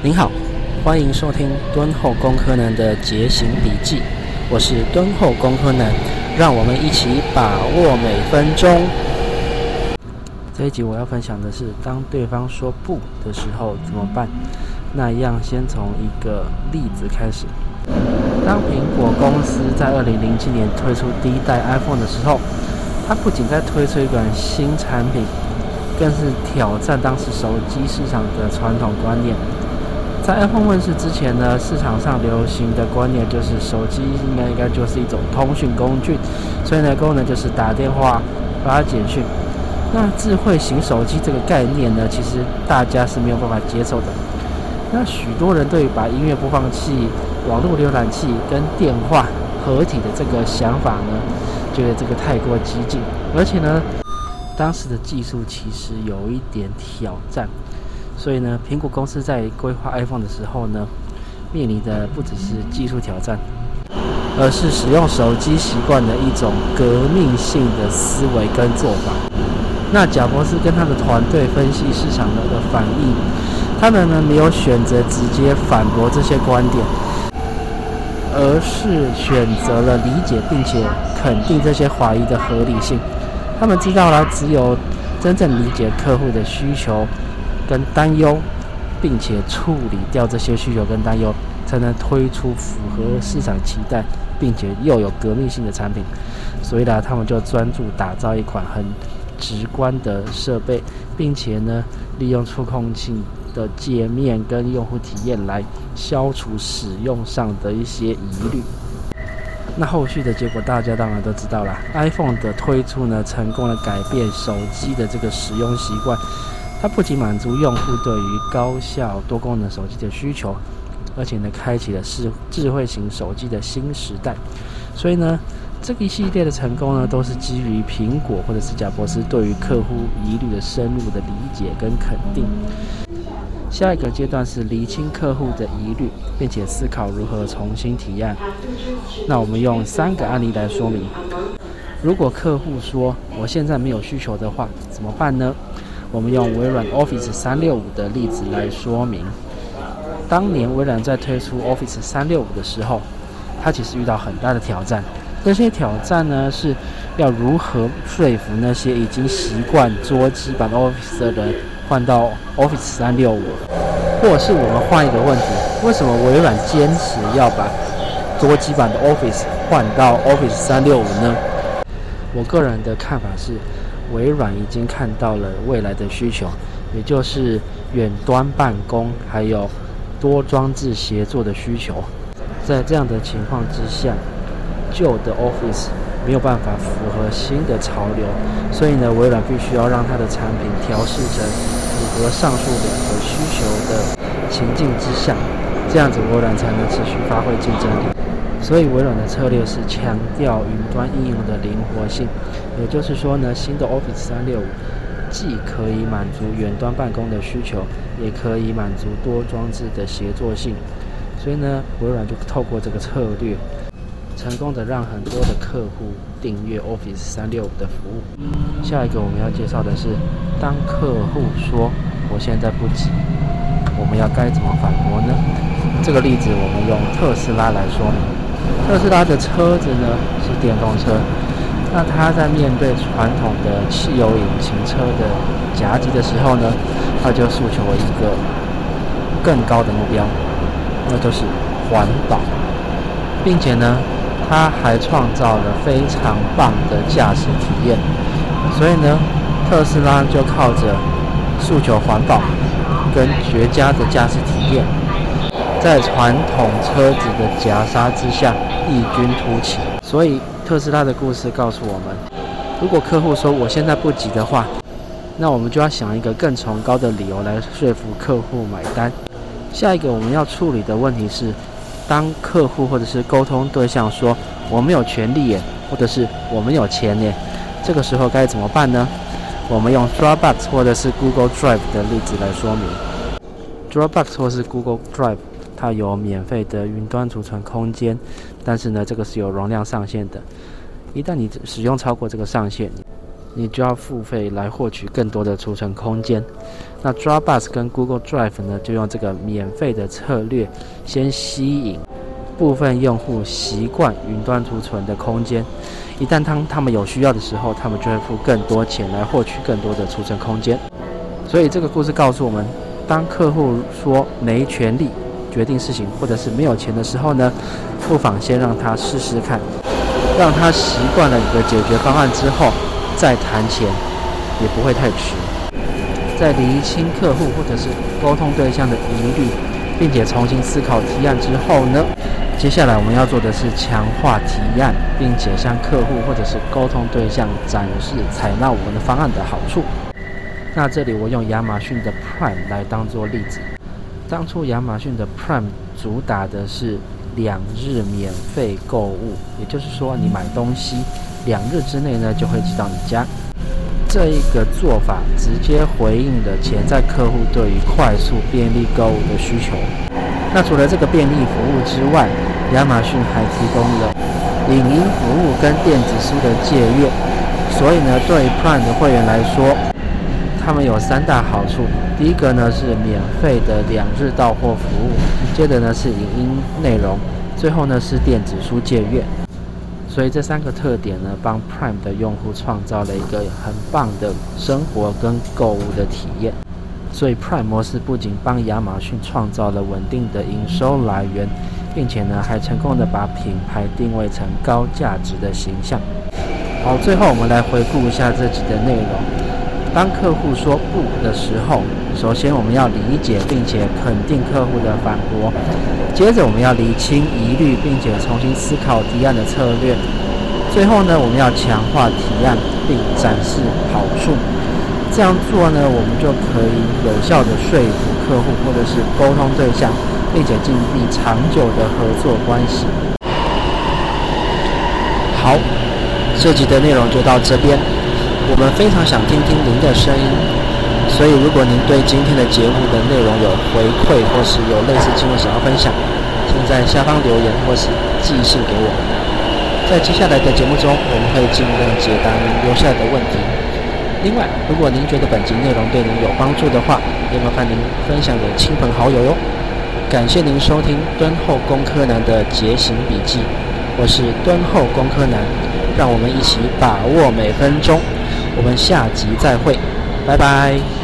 您好，歡迎收聽敦厚工科男的節行筆記，我是敦厚工科男，讓我們一起把握每分鐘。這一集我要分享的是，當對方說不的時候怎麼辦？那一樣先從一個例子開始。當蘋果公司在二零零七年推出第一代 iPhone 的時候，它不僅在推出一款新產品，更是挑戰當時手機市場的傳統觀念。在 iPhone 問世之前呢，市場上流行的觀念就是手機應該應該就是一種通訊工具，所以呢功能就是打電話、發簡訊。那智慧型手機這個概念呢，其實大家是沒有辦法接受的。那許多人對於把音樂播放器、網絡瀏覽器跟電話合體的這個想法呢，覺得這個太過激進，而且呢，當時的技術其實有一點挑戰。所以呢，蘋果公司在規劃 iPhone 的時候呢，面臨的不只是技術挑戰，而是使用手機習慣的一種革命性的思維跟做法。那賈伯斯跟他的團隊分析市場的反應，他們呢沒有選擇直接反駁這些觀點，而是選擇了理解並且肯定這些懷疑的合理性。他們知道了，只有真正理解客戶的需求。跟擔憂，並且處理掉這些需求跟擔憂，才能推出符合市場期待，並且又有革命性的產品。所以呢，他們就專注打造一款很直觀的設備，並且呢，利用觸控器的界面跟用戶體驗來消除使用上的一些疑慮。那後續的結果大家當然都知道啦，iPhone 的推出呢，成功了改變手機的這個使用習慣。它不僅滿足用戶對於高效多功能手機的需求，而且呢，開啟了智智慧型手機的新時代。所以呢，這個一系列的成功呢，都是基於蘋果或者是賈伯斯博士對於客戶疑慮的深入的理解跟肯定。下一個階段是釐清客戶的疑慮，並且思考如何重新提案。那我們用三個案例來說明：如果客戶說“我現在沒有需求”的話，怎麼辦呢？我們用微軟 Office 三六五的例子來說明，當年微軟在推出 Office 三六五的時候，它其實遇到很大的挑戰。這些挑戰呢，是要如何說服那些已經習慣桌機版 Office 的人換到 Office 三六五？或者是我們換一個問題：為什麼微軟堅持要把桌機版的 Office 換到 Office 三六五呢？我個人的看法是。微軟已經看到了未來的需求，也就是遠端辦公還有多裝置協作的需求。在這樣的情況之下，舊的 Office 沒有辦法符合新的潮流，所以呢，微軟必須要讓它的產品調適成符合上述兩個需求的情境之下，這樣子微軟才能持續發揮競爭力。所以微軟的策略是強調雲端應用的靈活性，也就是說呢，新的 Office 365既可以滿足遠端辦公的需求，也可以滿足多裝置的協作性。所以呢，微軟就透過這個策略，成功的讓很多的客戶訂閱 Office 365的服務。下一個我們要介紹的是，當客戶說我現在不急，我們要該怎麼反駁呢？這個例子我們用特斯拉來說。特斯拉的車子呢，是電動車，那它在面對傳統的汽油引擎車的夾擊的時候呢，它就訴求為一個更高的目標，那就是環保，並且呢，它還創造了非常棒的駕駛體驗，所以呢，特斯拉就靠着訴求環保跟絕佳的駕駛體驗。在傳統車子的夾殺之下異軍突起，所以特斯拉的故事告訴我們：如果客戶說我現在不急的話，那我們就要想一個更崇高的理由來說服客戶買單。下一個我們要處理的問題是，當客戶或者是溝通對象說“我們沒有權利耶”或者是我們沒有錢耶，這個時候該怎麼辦呢？我們用 Dropbox 或者是 Google Drive 的例子來說明 Dropbox 或是 Google Drive。它有免費的雲端儲存空間，但是呢，這個是有容量上限的。一旦你使用超過這個上限，你就要付費來獲取更多的儲存空間。那 Dropbox 跟 Google Drive 呢，就用這個免費的策略，先吸引部分用戶習慣雲端儲存的空間。一旦他們，他們有需要的時候，他們就會付更多錢來獲取更多的儲存空間。所以這個故事告訴我們，當客戶說沒權利，決定事情，或者是沒有錢的時候呢，不妨先讓他試試看，讓他習慣了你的解決方案之後，再談錢也不會太遲。在理清客戶或者是溝通對象的疑慮，並且重新思考提案之後呢，接下來我們要做的是強化提案，並且向客戶或者是溝通對象展示採納我們的方案的好處。那這裡我用亞馬遜的 Prime 來當做例子。當初亞馬遜的 Prime 主打的是兩日免費購物，也就是說你買東西兩日之內呢就會寄到你家。這一個做法直接回應了潛在客戶對於快速便利購物的需求。那除了這個便利服務之外，亞馬遜還提供了影音服務跟電子書的借閱。所以呢，對於 Prime 的會員來說，它們有三大好處：第一個呢是免費的兩日到貨服務；接着呢是影音內容；最後呢是電子書借閱。所以這三個特點呢，幫 Prime 的用戶創造了一個很棒的生活跟購物的體驗。所以 Prime 模式不僅幫亞馬遜創造了穩定的營收來源，並且呢還成功的把品牌定位成高價值的形象。好，最後我們來回顧一下這集的內容。當客戶說不的時候，首先我們要理解並且肯定客戶的反駁，接着我們要釐清疑慮，並且重新思考提案的策略，最後呢，我們要強化提案並展示好處。這樣做呢，我們就可以有效的說服客戶或者是溝通對象，並且建立長久的合作關係。好，這集的內容就到這邊。我們非常想聽聽您的聲音，所以如果您對今天的節目的內容有回饋，或是有類似經歷想要分享，請在下方留言或是寄信給我們。在接下來的節目中，我們會盡量解答您留下來的問題。另外，如果您覺得本集內容對您有幫助的話，也麻煩您分享給親朋好友喲。感謝您收聽敦厚工科男的節行筆記，我是敦厚工科男，讓我們一起把握每分鐘。我們下集再會，拜拜。